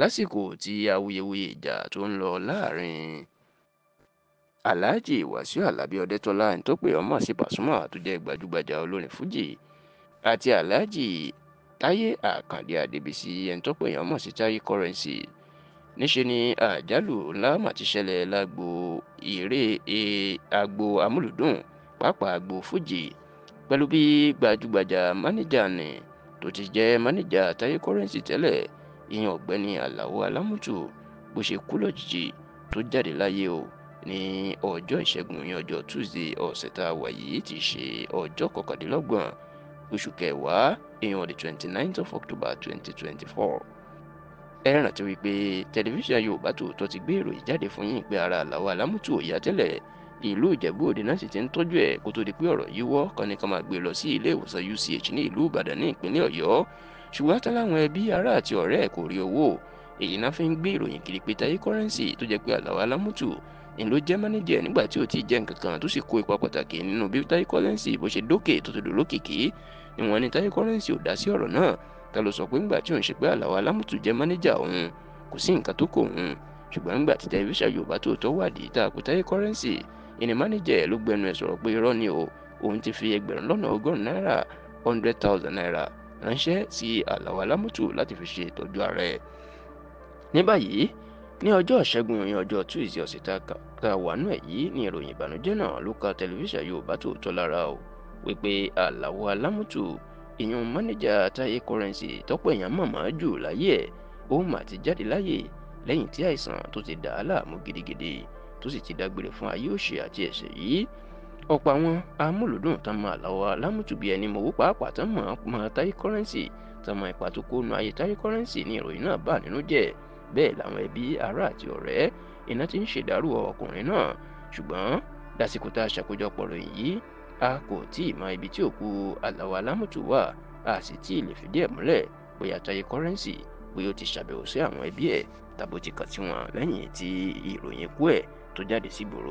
lásìkò tí awuyewuye ìjà tó ń lọ láàrin aláàjì wàsíù alábí ọdẹtọlá ẹni tó pè ọmọ sí pàṣùmọ tó jẹ gbajúgbajà olórin fújì àti aláàjì táyé àkàndé àdébísí ẹni tó pè ọmọ sí táyé currency níṣe ni àjálù ńlá mà ti ṣẹlẹ̀ lágbo eré e, agbo amúlùdùn pàápàá agbo Fuji pẹ̀lú bí gbajúgbajà máníjà ni tó ti jẹ́ máníjà táyé currency tẹ́lẹ̀ ìyẹn ọ̀gbẹ́ni Alao Alamutu bó ṣe kú lójijì tó jáde láyé o ní ọjọ́ ìṣẹ́gun ìyẹn ọjọ́ Tuesday ọ̀sẹ̀ tá a wà yìí ti ṣe ọjọ́ kọkàndínlọ́gbọ̀n oṣù kẹwàá ìyẹn on twenty ninth of October twenty twenty four ẹ rántí wípé tẹlifíṣàn Yorùbá Tòótọ́ ti gbé ìròyìn jáde fún yín pé ara Alao Alamutu ò yá tẹ́lẹ̀ ìlú Ìjẹ̀bú Òde náà sì ti ń tọ́jú ẹ̀ kó tó di pé ọ̀rọ̀ yíwọ́ kan ní ká máa gbé lọ sí ilé ìwòsàn UCH ní ìlú Ìbàdàn ní ìpínlẹ̀ Ọ̀yọ́ ṣùgbọ́n táláwọn ẹbí ará àti ọ̀rẹ́ ẹ̀ kò rí owó èyí náà fi ń gbé ìròyìn kiri pé Taye Currency tó jẹ́ pé Àlàó Alámùtù ni ló jẹ́ mánéjẹ̀ nígbà tí ò tí ì jẹ́ nǹkan kan tó sì kó ipa pàtàkì nínú bí Taye Currency bó ṣe dókè tó ti dò lókìkí ni wọ́n ní Taye Currency ò dá sí ọ̀rọ̀ náà ta ló sọ pé ńgbà tí òun ṣe pé Àlàó Alámùtù jẹ́ mánéjà òun kò sí nǹkan tó kọ òun ṣùgbọ́n ńgbà tí tẹlifíṣàn Yorùbá Tòótọ́ wádìí tá a kò Taye Currency ìní mánéjà ẹ̀ ló gbẹnu ẹ̀ sọ̀rọ̀ pé irọ́ ni o òun ti fi ẹgbẹ̀rún lọ́nà ọgọ́rùn-ún náírà hundred thousand naira ránṣẹ́ sí Alao Alámùtù láti fi ṣe ìtọ́jú ara ẹ̀. ní báyìí ní ọjọ́ ìṣẹ́gun ìròyìn ọjọ́ túwìsì ọ̀sẹ̀ tá a wà nù ẹ̀ yìí ni ìròyìn ìbànújẹ́ náà ló ka tẹlifíṣàn Yorùbá Tòótọ́ lára o wípé Alao Alámùtù ìyún mánéjà Táyé Currency tọ́pọ̀ èèyàn mọ̀mọ́ jù láyé ẹ̀ ó mà ti jáde láyé lẹ́yìn tí àìsàn tó ti dà á láàmú gidigidi tó sì ti dágbére fún ayé òṣì àti ẹ̀ṣẹ̀ yìí ọ̀pọ̀ àwọn amúlòdùn tán mọ àlàó alámùtùbí ẹni mọ̀wó pàápàá tán mọ̀ mọ̀ táyé kọ́rẹ́ǹsì tán mọ ipa tó kó nu ayé táyé kọ́rẹ́ǹsì ni ìròyìn náà bà nínú jẹ́ bẹ́ẹ̀ làwọn ẹbí ará àti ọ̀rẹ́ iná ti ń ṣèdárò ọkùnrin náà ṣùgbọ́n dásìkò tá a ṣàkójọpọ̀ ròyìn yìí a kò tí ì mọ ibi tí òkú àlàó alámùtù wà a sì tí ì lè fìdí ẹ̀ múlẹ̀ bóyá táyé kọ́rẹ́ǹsì bóyá ó ti ṣàbẹ̀wò sí àwọn ẹbí ẹ̀ tàbó ti kàn sí wọn lẹ́yìn tí ìròyìn ikú ẹ̀ tó jáde sígboro.